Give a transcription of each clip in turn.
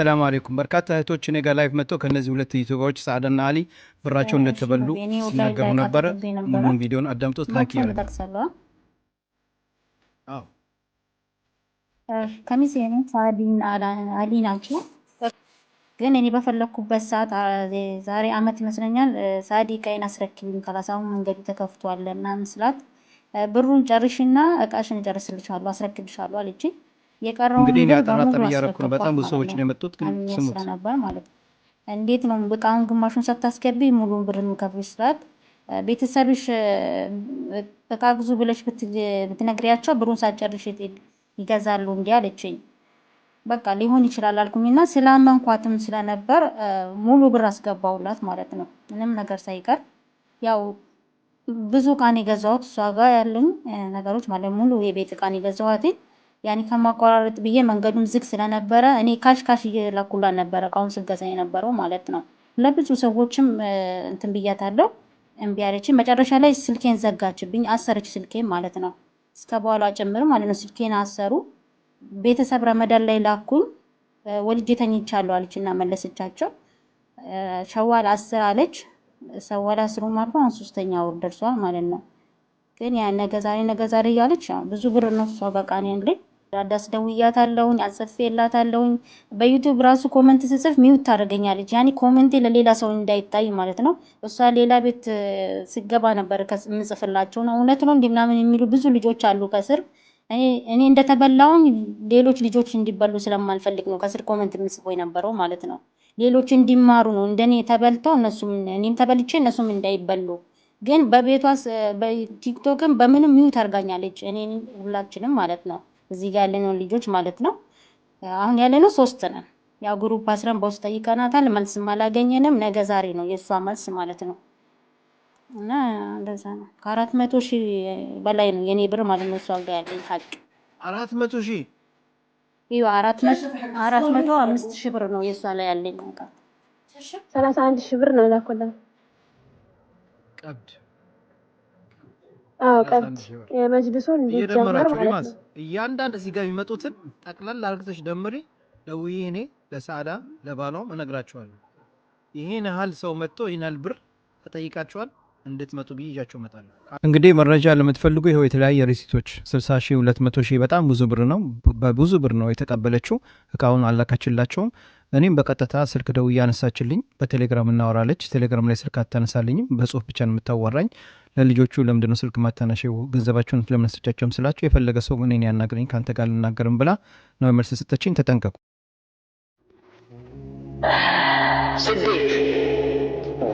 ሰላም አለይኩም። በርካታ እህቶች እኔ ጋር ላይፍ መጥተው ከእነዚህ ሁለት ዩቲዩበሮች ሳዕድና አሊ ብራቸው እንደተበሉ ሲናገሩ ነበረ። ሙሉን ቪዲዮን አዳምጦት ላኪ ታቂ ከሚስ አሊ ናቸው። ግን እኔ በፈለግኩበት ሰዓት ዛሬ አመት ይመስለኛል ሳዲ ቀይን አስረክብኝ ከላሳሁን መንገዱ ተከፍቷል ምናምን ስላት ብሩን ጨርሽና እቃሽን እጨርስልሻለሁ አስረክብሻሉ አለችኝ። የቀረው እንግዲህ እኔ አጠራጠር እያደረኩ ነው። በጣም ብዙ ሰዎች ነው የመጡት፣ ግን ስሙት ስለነበር ማለት ነው። እንዴት ነው እቃውን ግማሹን ሳታስገቢ ሙሉን ብር የምከፍልሽ ስርዓት ቤተሰብሽ እቃ ግዙ ብለሽ ብትነግሪያቸው ብሩን ሳጨርሽ ይገዛሉ እንዲ አለችኝ። በቃ ሊሆን ይችላል አልኩኝና ስላመንኳትም ስለነበር ሙሉ ብር አስገባውላት ማለት ነው፣ ምንም ነገር ሳይቀር ያው ብዙ እቃን የገዛሁት እሷ ጋር ያሉኝ ነገሮች ማለት ሙሉ የቤት እቃን የገዛኋትኝ ያኔ ከማቆራረጥ ብዬ መንገዱም ዝግ ስለነበረ እኔ ካሽ ካሽ እየላኩላን ነበረ እቃውን ስገዛ የነበረው ማለት ነው። ለብዙ ሰዎችም እንትን ብያታለሁ። እምቢ አለችኝ። መጨረሻ ላይ ስልኬን ዘጋችብኝ፣ አሰረች ስልኬን ማለት ነው። እስከ በኋላ ጭምር ማለት ነው። ስልኬን አሰሩ። ቤተሰብ ረመዳን ላይ ላኩኝ። ወልጄ ተኝቻለሁ እና መለሰቻቸው። ሸዋል አስር አለች። ሸዋል አስሩ ማለት አሁን ሶስተኛ ወር ደርሷል ማለት ነው። ግን ያ ነገ ዛሬ ነገ ዛሬ እያለች ብዙ ብር ነው እሷ በቃ እኔን ልኝ ዳዳስ ደውያታለሁኝ፣ አጽፌላታለሁኝ። በዩቲዩብ ራሱ ኮመንት ስጽፍ ሚውት ታደርገኛለች። ያኔ ኮመንቴ ለሌላ ሰው እንዳይታይ ማለት ነው። እሷ ሌላ ቤት ስገባ ነበር የምጽፍላቸው ነው። እውነት ነው እንዲህ ምናምን የሚሉ ብዙ ልጆች አሉ ከስር። እኔ እንደተበላውኝ ሌሎች ልጆች እንዲበሉ ስለማልፈልግ ነው ከስር ኮመንት የምጽፎ የነበረው ማለት ነው። ሌሎች እንዲማሩ ነው እንደኔ ተበልተው እነሱም እኔም ተበልቼ እነሱም እንዳይበሉ ግን በቤቷ በቲክቶክም በምንም ሚውት አድርጋኛለች። እኔ ሁላችንም ማለት ነው። እዚህ ጋር ያለነው ልጆች ማለት ነው። አሁን ያለነው ሶስት ነን። ያ ግሩፕ አስረን በውስጥ ጠይቀናታል፣ መልስም አላገኘንም። ነገ ዛሬ ነው የእሷ መልስ ማለት ነው። እና እንደዛ ነው። ከአራት መቶ ሺህ በላይ ነው የኔ ብር ማለት ነው። እሷ ጋር ያለኝ ሀቅ አራት መቶ ሺህ ይኸው አራት መቶ አምስት ሺህ ብር ነው የእሷ ላይ ያለኝ። ሰላሳ አንድ ሺህ ብር ነው ላኩላት ቀብድ መጅልሱን እንዲጀመር ማለት ነው። እያንዳንድ እዚህ ጋር የሚመጡትን ጠቅላላ አርግተሽ ደምሪ። ደውዬ እኔ ለሳዳ ለባሏም እነግራቸዋለሁ። ይሄን ያህል ሰው መጥቶ ይናል ብር ተጠይቃቸዋል እንድትመጡ ብዬ ይዣቸው እመጣለሁ። እንግዲህ መረጃ ለምትፈልጉ ይኸው የተለያየ ሪሲቶች 60 ሺህ፣ 200 ሺህ በጣም ብዙ ብር ነው። በብዙ ብር ነው የተቀበለችው። እቃውን አላካችላቸውም። እኔም በቀጥታ ስልክ ደው እያነሳችልኝ በቴሌግራም እናወራለች። ቴሌግራም ላይ ስልክ አታነሳልኝም፣ በጽሁፍ ብቻ ነው የምታዋራኝ። ለልጆቹ ለምንድነው ስልክ ማታናሽው? ገንዘባቸውን ለምነሰቻቸውም ስላቸው የፈለገ ሰው እኔን ያናግረኝ ከአንተ ጋር ልናገርም ብላ ነው መልስ ስጠችኝ። ተጠንቀቁ። ስዴት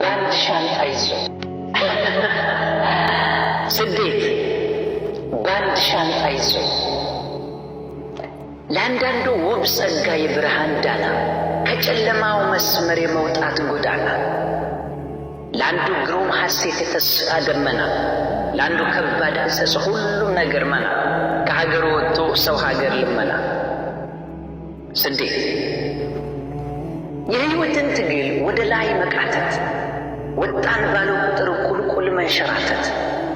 ባንድሻን አይዞ ስዴት ባንድሻን አይዞ ለአንዳንዱ ውብ ጸጋ የብርሃን ዳና ከጨለማው መስመር የመውጣት ጎዳና፣ ለአንዱ ግሩም ሐሴት የተስፋ ደመና፣ ለአንዱ ከባድ ሕጸጽ ሁሉም ነገር መና፣ ከሀገር ወጥቶ ሰው ሀገር ልመና። ስንዴ የሕይወትን ትግል ወደ ላይ መቃተት፣ ወጣን ባለ ቁጥር ቁልቁል መንሸራተት፣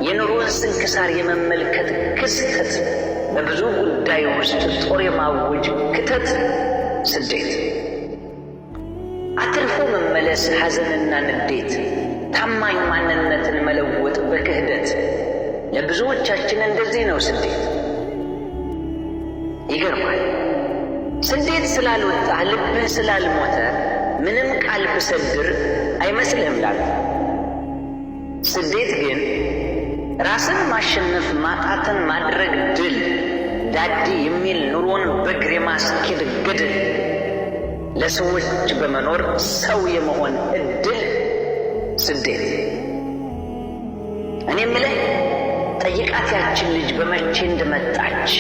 የኑሮን ስንክሳር የመመልከት ክስተት በብዙ ጉዳይ ውስጥ ጦር የማወጅ ክተት ስደት፣ አትርፎ መመለስ ሐዘንና ንዴት፣ ታማኝ ማንነትን መለወጥ በክህደት ለብዙዎቻችን እንደዚህ ነው ስደት። ይገርማል። ስደት ስላልወጣ ልብህ ስላልሞተ ምንም ቃል ብሰድር አይመስልህም ላሉ ስደት ግን ራስን ማሸነፍ ማጣትን ማድረግ ድል ዳዲ የሚል ኑሮን በግር የማስኬድ ግድል ለሰዎች በመኖር ሰው የመሆን እድል ስደት። እኔ የምልህ ጠይቃት ያችን ልጅ በመቼ እንደመጣች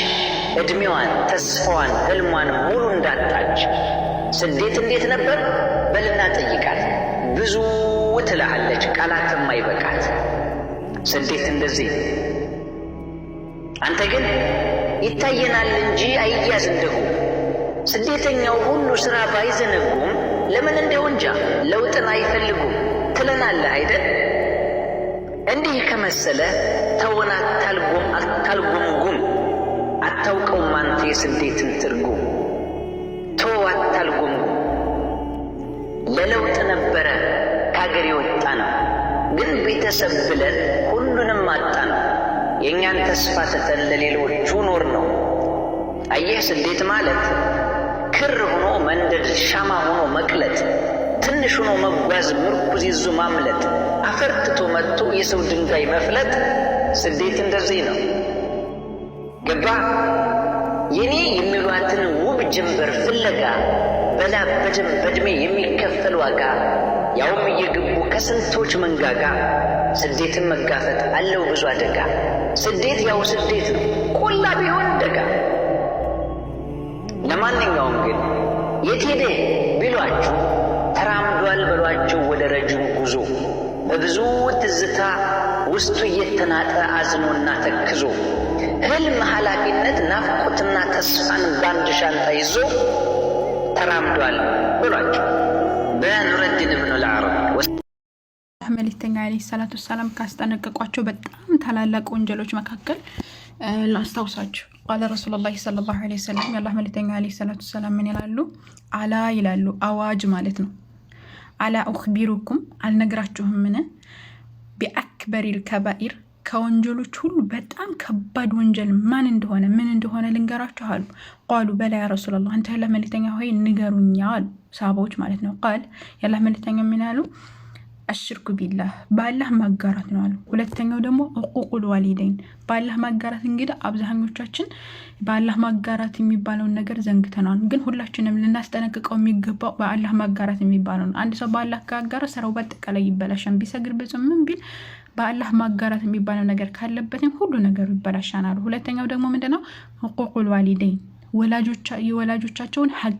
እድሜዋን ተስፋዋን፣ ህልሟን ሙሉ እንዳጣች ስደት እንዴት ነበር? በልና ጠይቃት ብዙ ትልሃለች፣ ቃላት የማይበቃት እንዴት እንደዚህ አንተ ግን ይታየናል እንጂ አይያዝ እንደሁ ስደተኛው ሁሉ ሥራ ባይዘነጉም ለምን እንደው እንጃ ለውጥን አይፈልጉም ትለናለህ አይደል? እንዲህ ከመሰለ ተውን፣ አታልጉም አታልጉምጉም አታውቀውም አንተ የስደትን ትርጉም ቶ አታልጉምጉም ለለውጥ ነበረ ከአገር የወጣ ነው ግን ቤተሰብ ብለን የእኛን ተስፋ ትተን ለሌሎቹ ኖር ነው። አየህ ስደት ማለት ክር ሆኖ መንደድ፣ ሻማ ሆኖ መቅለጥ፣ ትንሽ ሆኖ መጓዝ፣ ምርኩዝ ይዞ ማምለጥ፣ አፈርትቶ መጥቶ የሰው ድንጋይ መፍለጥ። ስደት እንደዚህ ነው። ገባ የኔ የሚሏትን ውብ ጀንበር ፍለጋ በላ በደም በድሜ የሚከፈል ዋጋ ያውም እየገቡ ከስንቶች መንጋጋ ስደትን መጋፈጥ አለው ብዙ አደጋ። ስደት ያው ስደት ነው፣ ቆላ ቢሆን ደጋ። ለማንኛውም ግን የት ሄደ ቢሏችሁ ተራምዷል በሏቸው። ወደ ረጅም ጉዞ በብዙ ትዝታ ውስጡ እየተናጠ አዝኖና ተክዞ ህልም፣ ኃላፊነት፣ ናፍቆትና ተስፋን በአንድ ሻንጣ ይዞ ተራምዷል ብሏቸው በኑረዲን ብኑ ልዓረብ መልእክተኛ ዓለይሂ ሰላቱ ሰላም ካስጠነቀቋቸው በጣም ታላላቅ ወንጀሎች መካከል ላስታውሳችሁ ቃለ ረሱሉላ ሰለላሁ ዐለይሂ ወሰለም የአላህ መልክተኛ ዐለይሂ ሰላቱ ሰላም ምን ይላሉ? አላ ይላሉ፣ አዋጅ ማለት ነው። አላ ኡክቢሩኩም አልነግራችሁም ምን ቢአክበሪል ከባኢር ከወንጀሎች ሁሉ በጣም ከባድ ወንጀል ማን እንደሆነ ምን እንደሆነ ልንገራችሁ አሉ። ቃሉ በላ ያ ረሱላላ አንተ ያላህ መልክተኛ ሆይ ንገሩኛ አሉ፣ ሳቦች ማለት ነው። ቃል ያላህ መልክተኛ ምን አሉ? አሽርኩ ቢላህ በአላህ ማጋራት ነው አሉ። ሁለተኛው ደግሞ እቁቁል ዋሊደይን በአላህ ማጋራት። እንግዲህ አብዛኞቻችን በአላህ ማጋራት የሚባለውን ነገር ዘንግተናል፣ ግን ሁላችንም ልናስጠነቅቀው የሚገባው በአላህ ማጋራት የሚባለው ነው። አንድ ሰው በአላህ ካጋራ ስራው በአጠቃላይ ይበላሻል። ቢሰግድ ብጽም ምን ቢል በአላህ ማጋራት የሚባለው ነገር ካለበትም ሁሉ ነገሩ ይበላሻል አሉ። ሁለተኛው ደግሞ ምንድነው? እቁቁል ዋሊደይን የወላጆቻቸውን ሀቅ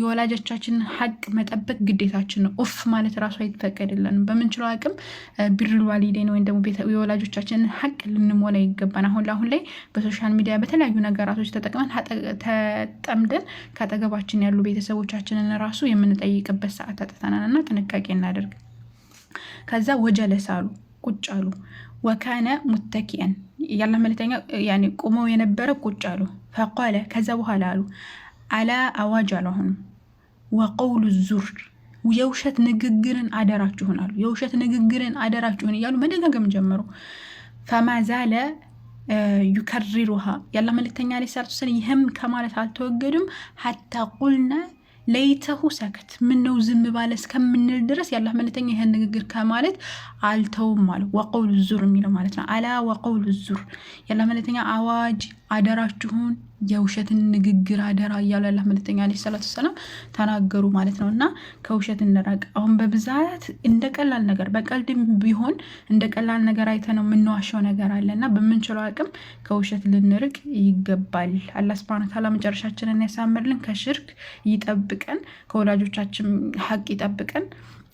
የወላጆቻችንን ሀቅ መጠበቅ ግዴታችን ነው። ኦፍ ማለት ራሱ አይፈቀድልንም። በምንችለው አቅም ቢርል ዋሊዴን ወይም ደግሞ የወላጆቻችንን ሀቅ ልንሞላ ይገባን። አሁን ለአሁን ላይ በሶሻል ሚዲያ በተለያዩ ነገራቶች ተጠቅመን ተጠምደን ከአጠገባችን ያሉ ቤተሰቦቻችንን ራሱ የምንጠይቅበት ሰዓት አጥተናል እና ጥንቃቄ እናደርግ። ከዛ ወጀለስ አሉ ቁጭ አሉ። ወካነ ሙተኪአን ያለ መልክተኛ የነበረ ቁጭ አሉ። ፈቃለ ከዛ በኋላ አሉ አላ አዋጅ አሉ። አሁንም ወቀውሉ ዙር የውሸት ንግግርን አደራችሁን አሉ። የውሸት ንግግርን አደራችሁን እያሉ መደጋገም ጀመሩ። ፈማዛለ ዩከሪሩሃ ያላ መልክተኛ ላይ ሰላት ሰን ይህም ከማለት አልተወገዱም። ሀታ ቁልና ለይተሁ ሰከት ምነው ዝም ባለ እስከምንል ድረስ ያላ መልክተኛ ይህን ንግግር ከማለት አልተውም አሉ። ወቀውሉ ዙር የሚለው ማለት ነው። አላ ወቀውሉ ዙር ያላ መልክተኛ አዋጅ አደራችሁን የውሸትን ንግግር አደራ እያሉ ያለ መልክተኛ ዐለይሂ ሰላቱ ሰላም ተናገሩ ማለት ነው። እና ከውሸት እንረቅ። አሁን በብዛት እንደ ቀላል ነገር በቀልድም ቢሆን እንደ ቀላል ነገር አይተ ነው የምንዋሸው ነገር አለ እና በምንችለው አቅም ከውሸት ልንርቅ ይገባል። አላህ ሱብሐነሁ ወተዓላ መጨረሻችንን ያሳምርልን፣ ከሽርክ ይጠብቀን፣ ከወላጆቻችን ሀቅ ይጠብቀን፣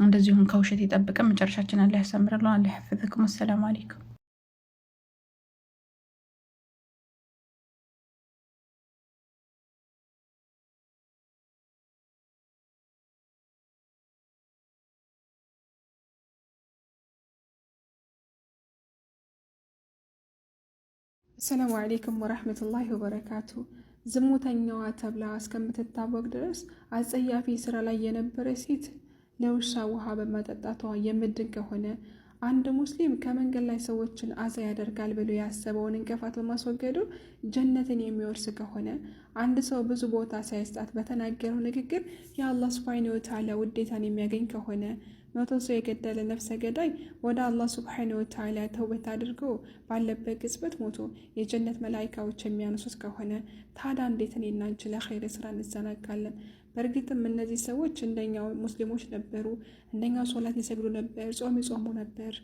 እንደዚሁም ከውሸት ይጠብቀን። መጨረሻችን አላህ ያሳምርልን። አላህ ያፈዘኩም። አሰላሙ አለይኩም ሰላሙ አሌይኩም ወረህመቱላሂ ወበረካቱ። ዝሙተኛዋ ተብላ እስከምትታወቅ ድረስ አጸያፊ ስራ ላይ የነበረ ሴት ለውሻ ውሃ በመጠጣቷ የምድን ከሆነ አንድ ሙስሊም ከመንገድ ላይ ሰዎችን አዛ ያደርጋል ብሎ ያሰበውን እንቅፋት በማስወገዱ ጀነትን የሚወርስ ከሆነ አንድ ሰው ብዙ ቦታ ሳይስጣት በተናገረው ንግግር የአላህ ሱብሓነሁ ወተዓላ ውዴታን የሚያገኝ ከሆነ መቶ ሰው የገደለ ነፍሰ ገዳይ ወደ አላህ ስብሓን ወተዓላ ተውበት አድርጎ ባለበት ቅጽበት ሞቶ የጀነት መላይካዎች የሚያነሱት ከሆነ ታዲያ እንዴት እኔና አንቺ ለኸይር ስራ እንዘናጋለን? በእርግጥም እነዚህ ሰዎች እንደኛው ሙስሊሞች ነበሩ፣ እንደኛው ሶላት ይሰግዱ ነበር፣ ጾም ይጾሙ ነበር።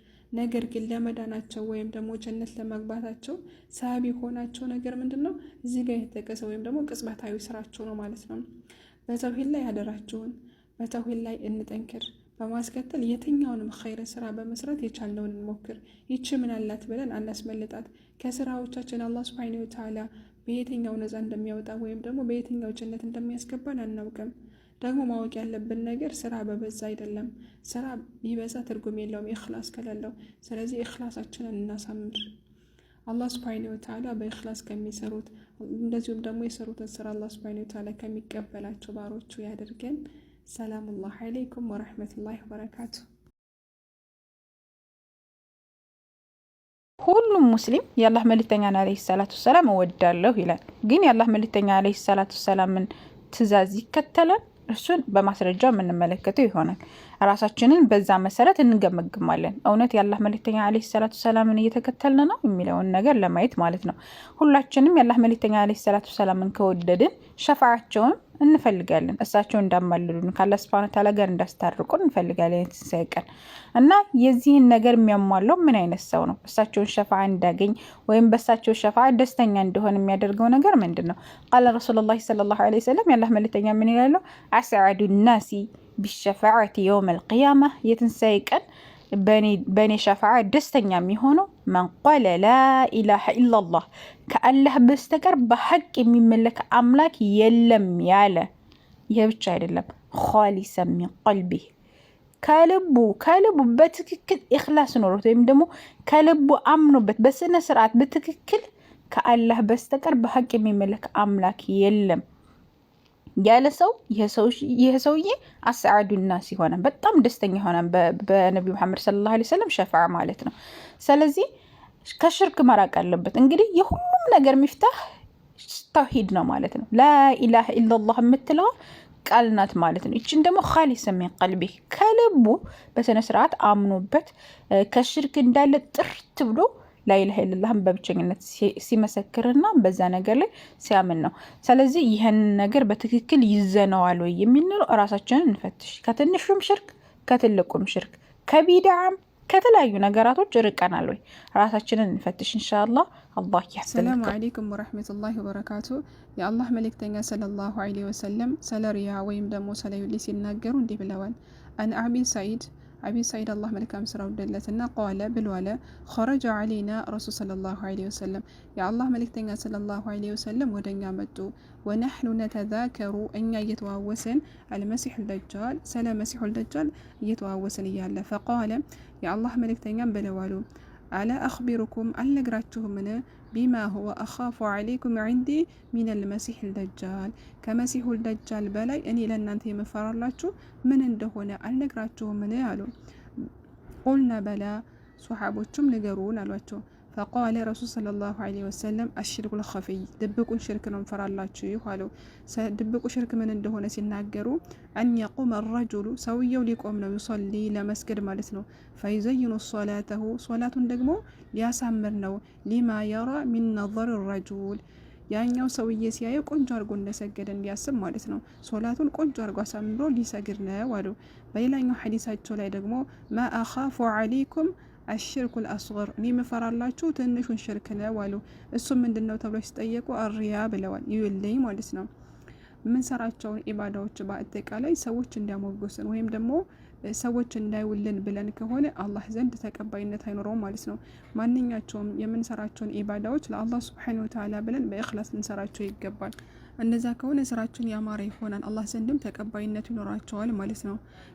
ነገር ግን ለመዳናቸው ወይም ደግሞ ጀነት ለመግባታቸው ሰቢ የሆናቸው ነገር ምንድን ነው? እዚህ ጋር የተጠቀሰ ወይም ደግሞ ቅጽበታዊ ስራቸው ነው ማለት ነው። በተውሂድ ላይ ያደራችሁን፣ በተውሂድ ላይ እንጠንክር። በማስከተል የትኛውንም ኸይር ስራ በመስራት የቻልነውን እንሞክር። ይቺ ምን አላት ብለን አናስመልጣት። ከስራዎቻችን አላህ ሱብሓነሁ ወተዓላ በየትኛው ነፃ እንደሚያወጣ ወይም ደግሞ በየትኛው ጀነት እንደሚያስገባን አናውቅም። ደግሞ ማወቅ ያለብን ነገር ስራ በበዛ አይደለም። ስራ ቢበዛ ትርጉም የለውም ኢኽላስ ከሌለው። ስለዚህ ኢኽላሳችንን እናሳምር። አላህ ሱብሓነሁ ወተዓላ በኢኽላስ ከሚሰሩት እንደዚሁም ደግሞ የሰሩትን ስራ አላህ ሱብሓነሁ ወተዓላ ከሚቀበላቸው ባሮቹ ያደርገን። ሰላሙላህ አለይኩም ወረህመቱላሂ ወበረካቱ። ሁሉም ሙስሊም የአላህ መልእክተኛን አለይሂ ሰላቱ ሰላም እወዳለሁ ይላል። ግን የአላህ መልእክተኛ አለይሂ ሰላቱ ሰላምን ትእዛዝ ይከተላል? እሱን በማስረጃ የምንመለከተው ይሆናል። ራሳችንን በዛ መሰረት እንገመግማለን። እውነት የአላህ መልእክተኛ አለይሂ ሰላቱ ሰላምን እየተከተልን ነው የሚለውን ነገር ለማየት ማለት ነው። ሁላችንም የአላህ መልእክተኛ አለይሂ ሰላቱ ሰላምን ከወደድን ሸፋዓቸውን እንፈልጋለን። እሳቸው እንዳማልሉን ካላ ስፓነታላ ጋር እንዳስታርቁን እንፈልጋለን የትንሣኤ ቀን እና የዚህን ነገር የሚያሟለው ምን አይነት ሰው ነው? እሳቸውን ሸፋ እንዳገኝ ወይም በእሳቸው ሸፋ ደስተኛ እንደሆን የሚያደርገው ነገር ምንድን ነው? ቃለ ረሱሉላሂ ሰለላሁ ዐለይሂ ወሰለም ያላህ መልእክተኛ ምን ይላሉ? አስዐዱ ናሲ ቢሸፋዓቲ የውመል ቂያማ የትንሣኤ ቀን በእኔ ሸፋዓ ደስተኛ የሚሆነው መንቆለ ላኢላሃ ኢላላህ ከአላህ በስተቀር በሀቅ የሚመለክ አምላክ የለም ያለ። ይህ ብቻ አይደለም፣ ኻሊሰ ሚን ቀልቢህ ከልቡ ከልቡ በትክክል ኢኽላስ ኖሮት ወይም ደግሞ ከልቡ አምኖበት በስነ ስርዓት በትክክል ከአላህ በስተቀር በሀቅ የሚመለክ አምላክ የለም። ያለ ሰው ይህ ሰውዬ አስዓዱና ሲሆነ በጣም ደስተኛ ሆነ በነቢዩ መሐመድ ሰለላሁ ዓለይሂ ወሰለም ሸፋ ማለት ነው። ስለዚህ ከሽርክ መራቅ አለበት። እንግዲህ የሁሉም ነገር ሚፍታህ ተውሂድ ነው ማለት ነው። ላኢላሃ ኢለላህ የምትለዋ ቃል ናት ማለት ነው። ይችን ደግሞ ካሊስ ሚን ቀልቢ ከልቡ በስነስርዓት አምኖበት ከሽርክ እንዳለ ጥርት ብሎ ላይላ ላህን በብቸኝነት ሲመሰክርና በዛ ነገር ላይ ሲያምን ነው። ስለዚህ ይህንን ነገር በትክክል ይዘነዋል ወይ የሚንሉ እራሳችንን እንፈትሽ። ከትንሹም ሽርክ ከትልቁም ሽርክ ከቢድዓም ከተለያዩ ነገራቶች ርቀናል ወይ? ራሳችንን እንፈትሽ። እንሻላ አላ ያሰላሙ አለይኩም ወረህመቱላሂ ወበረካቱ። የአላህ መልእክተኛ ሰለላሁ ዐለይሂ ወሰለም ስለ ሪያ ወይም ደግሞ ስለ ሲናገሩ እንዲህ ብለዋል። አን አቢ ሰዒድ አቢ ሰዒድ አላህ መልካም ስራ ውደለትና ቃለ ብሏለ ኸረጀ ዓለይና ረሱል ሰለላሁ ዐለይሂ ወሰለም የአላህ መልእክተኛ ሰለላሁ ዐለይሂ ወሰለም ወደ መጡ። ወነሕኑ ነተዛከሩ እኛ እየተዋወስን አልመሲሑ ልደጃል ስለ መሲሑ ልደጃል እየተዋወስን እያለ ፈቃለ የአላህ መልእክተኛም ብለዋሉ አለ አክቢሩኩም አልነግራችሁምን ቢማ ሁወ አኻፉ ዓለይኩም ዒንዲ ሚነል መሲሕ ልደጃል ከመሲሑ ልደጃል በላይ እኔ ለእናንተ የምፈራላችሁ ምን እንደሆነ አልነግራችሁምን አሉ ቁልና በላ ሶሓቦቹም ንገሩን አሏቸው ፈቃለ ረሱል ሰለላሁ ዐለይሂ ወሰለም አሽርኩል ኸፊይ ድብቁን ሽርክ ነው እንፈራላችሁ አሉ። ድብቁ ሽርክ ምን እንደሆነ ሲናገሩ አን የቁመ ረጁሉ ሰውየው ሊቆም ነው ይሶሊ ለመስገድ ማለት ነው። ፈይዘይኑ ሶላተሁ ሶላቱን ደግሞ ሊያሳምር ነው። ሊማ የራ ሚን ነዘር ረጁል ያኛው ሰውዬ ሲያየው ቆንጆ አድርጎ እንደሰገደ እንዲያስብ ማለት ነው። ሶላቱን ቆንጆ አድርጎ አሳምሮ ሊሰግድ ነው አሉ። በሌላኛው ሐዲሳቸው ላይ ደግሞ ማ አኻፉ ዐለይኩም አሽርኩል አስገር እኔ የምፈራላችሁ ትንሹን ሽርክ ነው አሉ። እሱም ምንድን ነው ተብሎ ሲጠየቁ አሪያ ብለዋል። ይውልኝ ማለት ነው የምንሰራቸውን ኢባዳዎች በአጠቃላይ ሰዎች እንዲያሞግሱን ወይም ደግሞ ሰዎች እንዳይውልን ብለን ከሆነ አላህ ዘንድ ተቀባይነት አይኖረውም ማለት ነው። ማንኛቸውም የምንሰራቸውን ኢባዳዎች ለአላህ ስብሓን ወተዓላ ብለን በእክላስ ልንሰራቸው ይገባል። እነዛ ከሆነ ስራችን ያማረ ይሆናል፣ አላህ ዘንድም ተቀባይነት ይኖራቸዋል ማለት ነው።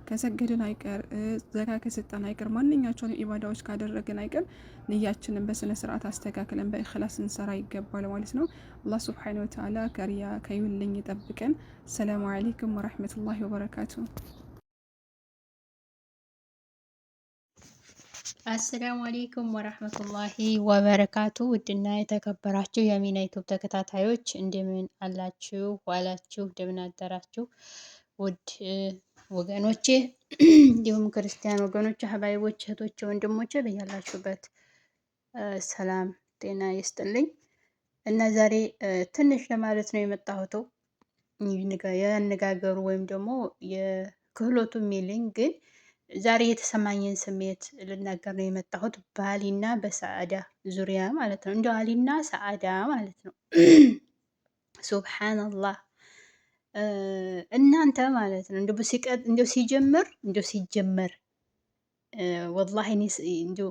ከሰገድን አይቀር ዘካ ከሰጠን አይቀር ማንኛቸውንም ኢባዳዎች ካደረግን አይቀር ንያችንን በስነ ስርዓት አስተካክለን በእክላስ እንሰራ ይገባል ማለት ነው። አላህ ስብሓነሁ ወተዓላ ከሪያ ከይውልኝ ይጠብቀን። ሰላሙ አለይኩም ወረሕመቱላሂ ወበረካቱ። አሰላሙ አሌይኩም ወረህመቱላሂ ወበረካቱ ውድና የተከበራችሁ የሚና ዩቱብ ተከታታዮች እንደምን አላችሁ ዋላችሁ እንደምን አደራችሁ ውድ ወገኖቼ እንዲሁም ክርስቲያን ወገኖቼ ሀባይቦች እህቶቼ ወንድሞቼ በያላችሁበት ሰላም ጤና ይስጥልኝ እና ዛሬ ትንሽ ለማለት ነው የመጣሁት ያነጋገሩ ወይም ደግሞ የክህሎቱ የሚልኝ ግን ዛሬ የተሰማኝን ስሜት ልናገር ነው የመጣሁት በአሊና በሰአዳ ዙሪያ ማለት ነው። እንደ አሊና ሰአዳ ማለት ነው። ሱብሓነላህ እናንተ ማለት ነው እንደው ሲቀጥ እንደው ሲጀምር እንደው ሲጀመር ወላሂ እኔ እንደው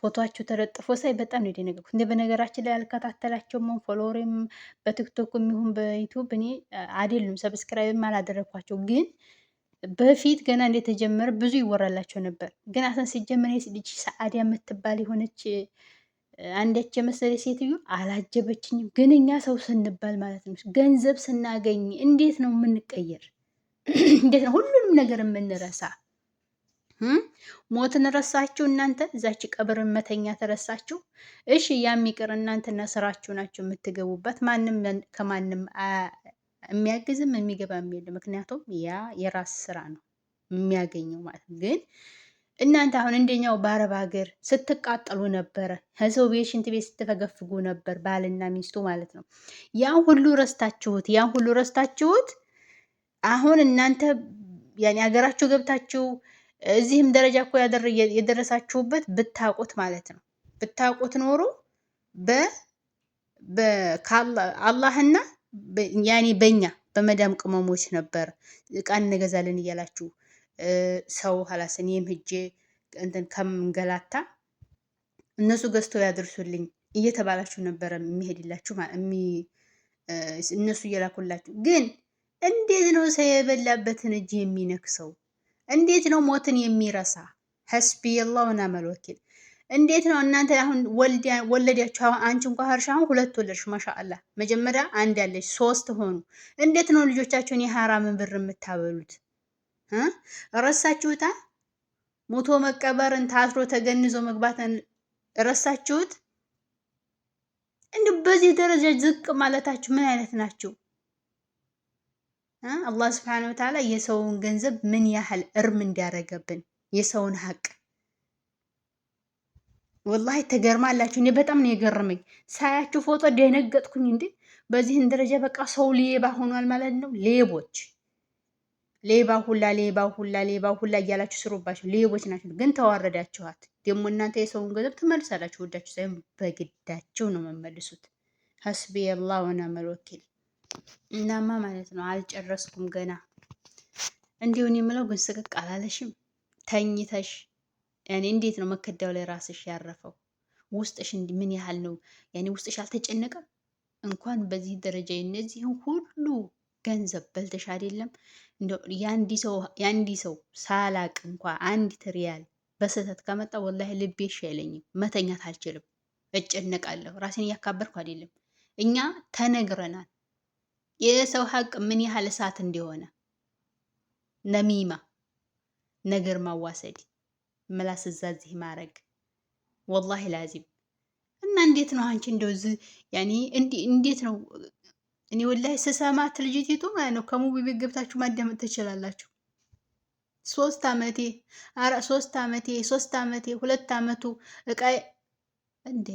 ፎቶአችሁ ተለጥፎ ሳይ በጣም ነው የደነገርኩት። እንደ በነገራችን ላይ አልከታተላቸውም ፎሎወሬም በቲክቶክ የሚሆን በዩቱብ እኔ አይደሉም ሰብስክራይብም አላደረግኳቸው ግን በፊት ገና እንደተጀመረ ብዙ ይወራላቸው ነበር። ግን አሰን ሲጀመር ልጅ ሰአድ የምትባል የሆነች አንዳች የመሰለ ሴትዮ አላጀበችኝም። ግን እኛ ሰው ስንባል ማለት ነው ገንዘብ ስናገኝ እንዴት ነው የምንቀየር? እንዴት ነው ሁሉንም ነገር የምንረሳ? ሞትን ረሳችሁ እናንተ እዛች ቀብርን መተኛ ተረሳችሁ። እሺ ያም ይቅር እናንተና ስራችሁ ናቸው የምትገቡበት ማንም ከማንም የሚያግዝም የሚገባ የሚል ምክንያቱም ያ የራስ ስራ ነው የሚያገኘው ማለት ነው። ግን እናንተ አሁን እንደኛው በአረብ ሀገር ስትቃጠሉ ነበረ፣ ከሰው ቤት ሽንት ቤት ስትፈገፍጉ ነበር፣ ባልና ሚስቱ ማለት ነው። ያን ሁሉ ረስታችሁት፣ ያን ሁሉ ረስታችሁት። አሁን እናንተ ያኔ ሀገራችሁ ገብታችሁ እዚህም ደረጃ እኮ የደረሳችሁበት ብታውቁት ማለት ነው። ብታውቁት ኖሮ በ አላህና ያኔ በኛ በመዳም ቅመሞች ነበር እቃ እንገዛለን እያላችሁ ሰው ሀላስ ይህም ህጄ እንትን ከምንገላታ እነሱ ገዝተው ያደርሱልኝ እየተባላችሁ ነበረ የሚሄድላችሁ እነሱ እየላኩላችሁ። ግን እንዴት ነው ሰው የበላበትን እጅ የሚነክሰው? እንዴት ነው ሞትን የሚረሳ? ሐስቢ የላሁ ወኒዕመል ወኪል እንዴት ነው እናንተ አሁን ወለዳችሁ? አንቺ እንኳ ሀርሻ አሁን ሁለት ወለድሽ፣ ማሻአላ መጀመሪያ አንድ ያለች ሶስት ሆኑ። እንዴት ነው ልጆቻችሁን የሀራምን ብር የምታበሉት? ረሳችሁታ። ሞቶ መቀበርን ታስሮ ተገንዞ መግባትን ረሳችሁት። እንዲ በዚህ ደረጃ ዝቅ ማለታችሁ ምን አይነት ናችሁ? አላህ ስብሓነሁ ወተዓላ የሰውን ገንዘብ ምን ያህል እርም እንዲያደረገብን የሰውን ሀቅ ወላሂ ተገርማላችሁ። እኔ በጣም ነው የገረመኝ ሳያችሁ ፎቶ ደነገጥኩኝ። እንዴ በዚህን ደረጃ በቃ ሰው ሌባ ሆኗል ማለት ነው። ሌቦች ሌባ ሁላ ሌባ ሁላ ሌባ ሁላ እያላችሁ ስሩባቸው። ሌቦች ናቸው፣ ግን ተዋረዳችኋት። ደግሞ እናንተ የሰውን ገንዘብ ትመልሳላችሁ ወዳችሁ ሳይሆን በግዳችሁ ነው መመልሱት። ሀስቢ አላህ ወኒዕመል ወኪል። እናማ ማለት ነው አልጨረስኩም ገና። እንዲሁን የምለው ግን ስቅቅ አላለሽም ተኝተሽ እኔ እንዴት ነው መከዳው ላይ ራስሽ ያረፈው? ውስጥሽ ምን ያህል ነው ያኔ ውስጥሽ አልተጨነቀም? እንኳን በዚህ ደረጃ እነዚህን ሁሉ ገንዘብ በልተሽ አይደለም የአንዲ ሰው ሳላቅ እንኳ አንዲት ሪያል በስህተት ከመጣ ወላሂ ልቤ አይለኝም፣ መተኛት አልችልም፣ እጨነቃለሁ። ራሴን እያካበርኩ አይደለም። እኛ ተነግረናል የሰው ሀቅ ምን ያህል እሳት እንደሆነ። ነሚማ ነገር ማዋሰድ ምላስ እዛ እዚህ ማድረግ ወላሂ ላዚም እና እንዴት ነው አንቺ እንደው እንዴት ነው? እኔ ወላሂ ስሰማት ልጅቲቱ ማለት ነው ከሙቢ ቤት ገብታችሁ ማዳመጥ ትችላላችሁ። ሶስት አመቴ አረ ሶስት አመቴ ሶስት አመቴ ሁለት አመቱ እቃ እንዴ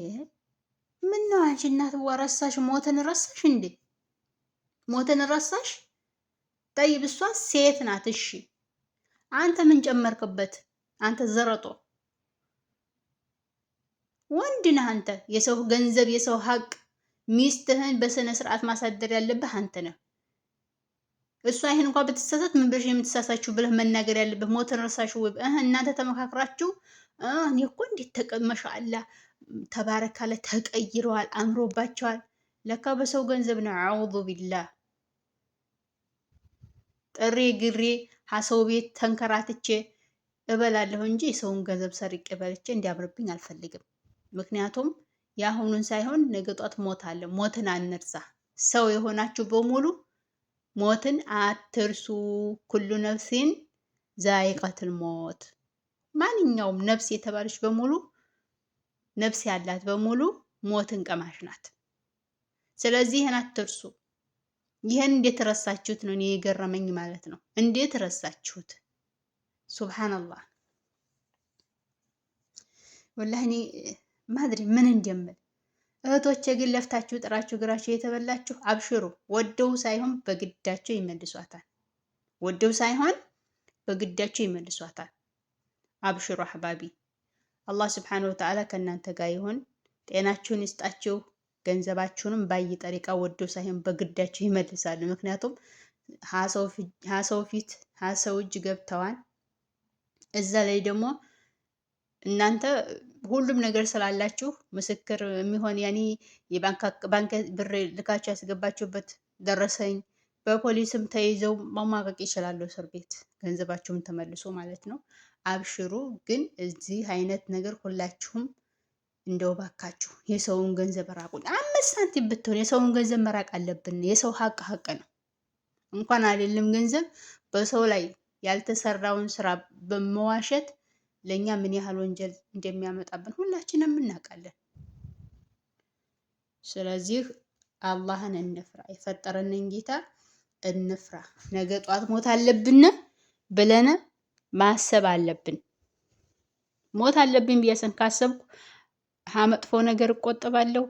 ምን ነው አንቺ እናትዋ ረሳሽ? ሞትን ረሳሽ እንዴ? ሞትን ረሳሽ? ጠይብ እሷ ሴት ናት። እሺ አንተ ምን ጨመርክበት? አንተ ዘረጦ ወንድ ነህ አንተ። የሰው ገንዘብ፣ የሰው ሀቅ፣ ሚስትህን በስነ ስርዓት ማሳደር ያለብህ አንተ ነህ። እሷ ይህን እንኳ ብትሳሳት ምን ብለሽ የምትሳሳችሁ ብለህ መናገር ያለብህ ሞትን ረሳችሁ ወይ? እናንተ ተመካክራችሁ እኔ እኮ እንዴት ተቀመሻ ተባረካለ ተቀይረዋል፣ አምሮባቸዋል። ለካ በሰው ገንዘብ ነው። አዑዙ ቢላህ ጥሬ ግሬ ሀሰው ቤት ተንከራትቼ እበላለሁ እንጂ የሰውን ገንዘብ ሰርቄ በልቼ እንዲያምርብኝ አልፈልግም። ምክንያቱም የአሁኑን ሳይሆን ነገ ጧት ሞት አለ። ሞትን አንርሳ። ሰው የሆናችሁ በሙሉ ሞትን አትርሱ። ኩሉ ነፍሲን ዛይቀትል ሞት። ማንኛውም ነፍስ የተባለች በሙሉ ነፍስ ያላት በሙሉ ሞትን ቀማሽ ናት። ስለዚህ ይህን አትርሱ። ይህን እንዴት ረሳችሁት ነው እኔ የገረመኝ ማለት ነው። እንዴት ረሳችሁት? ሱብሓነላህ ወላሂ እኔ ማድሪ ምን እንደምል እህቶቼ ግን ለፍታችሁ ጥራችሁ ግራችሁ የተበላችሁ አብሽሩ። ወደው ሳይሆን በግዳቸው ይመልሷታል። ወደው ሳይሆን በግዳቸው ይመልሷታል። አብሽሩ አህባቢ፣ አላህ ስብሓነሁ ወተዓላ ከእናንተ ጋር ይሁን። ጤናችሁን ይስጣችሁ። ገንዘባችሁንም ባይ ጠሪቃ ወደው ሳይሆን በግዳቸው ይመልሳሉ። ምክንያቱም ሀሰው ፊት ሀሰው እጅ ገብተዋል። እዛ ላይ ደግሞ እናንተ ሁሉም ነገር ስላላችሁ ምስክር የሚሆን ያኔ ባንክ ብር ልካችሁ ያስገባችሁበት ደረሰኝ በፖሊስም ተይዘው ማማቀቅ ይችላሉ። እስር ቤት ገንዘባችሁም ተመልሶ ማለት ነው። አብሽሩ። ግን እዚህ አይነት ነገር ሁላችሁም እንደው ባካችሁ የሰውን ገንዘብ ራቁ። አምስት ሳንቲም ብትሆን የሰውን ገንዘብ መራቅ አለብን። የሰው ሀቅ ሀቅ ነው። እንኳን አይደለም ገንዘብ በሰው ላይ ያልተሰራውን ስራ በመዋሸት ለእኛ ምን ያህል ወንጀል እንደሚያመጣብን ሁላችንም እናውቃለን። ስለዚህ አላህን እንፍራ፣ የፈጠረንን ጌታ እንፍራ። ነገ ጧት ሞት አለብን ብለን ማሰብ አለብን። ሞት አለብኝ ብያሰን ካሰብኩ መጥፎ ነገር እቆጥባለሁ።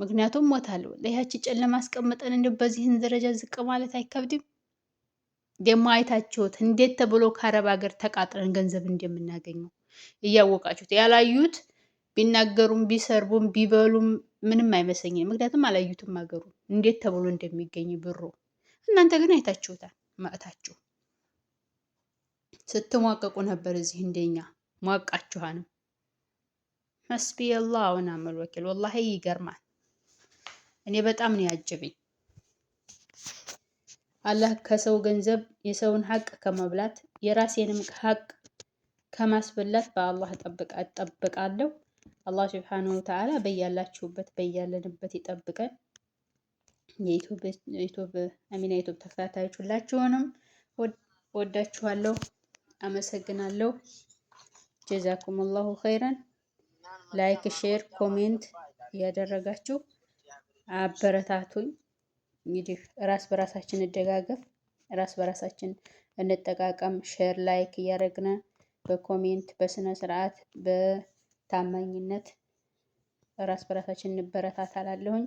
ምክንያቱም ሞት አለው ለያቺ ጨለማ አስቀምጠን እንደ በዚህን ደረጃ ዝቅ ማለት አይከብድም። ደግሞ እንዴት ተብሎ ከአረብ ሀገር ተቃጥረን ገንዘብ እንደምናገኘው እያወቃችሁት ያላዩት ቢናገሩም ቢሰርቡም ቢበሉም ምንም አይመስለኝም። ምክንያቱም አላዩትም ሀገሩ እንዴት ተብሎ እንደሚገኝ ብሩ። እናንተ ግን አይታችሁታል። ማእታችሁ ስትሟቀቁ ነበር። እዚህ እንደኛ ሟቃችኋንም። መስቢ የላ አሁን አመልወኪል ወላሂ ይገርማል። እኔ በጣም ነው ያጀበኝ። አላህ ከሰው ገንዘብ የሰውን ሀቅ ከመብላት የራሴንም ሀቅ ከማስበላት በአላህ እጠብቃለሁ። አላህ ሱብሓነሁ ወተዓላ በያላችሁበት በያለንበት ይጠብቀን። የዩቲዩብ አሚና ዩቲዩብ ተከታታዮች ሁላችሁንም ወዳችኋለሁ፣ አመሰግናለሁ። ጀዛኩም አላሁ ኸይረን። ላይክ፣ ሼር፣ ኮሜንት እያደረጋችሁ አበረታቱኝ። እንግዲህ ራስ በራሳችን እንደጋገፍ፣ ራስ በራሳችን እንጠቃቀም። ሼር ላይክ እያደረግን በኮሜንት በስነ ስርዓት በታማኝነት ራስ በራሳችን እንበረታታላለሁኝ።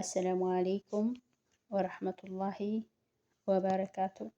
አሰላሙ አሌይኩም ወረህመቱላሂ ወበረካቱሁ።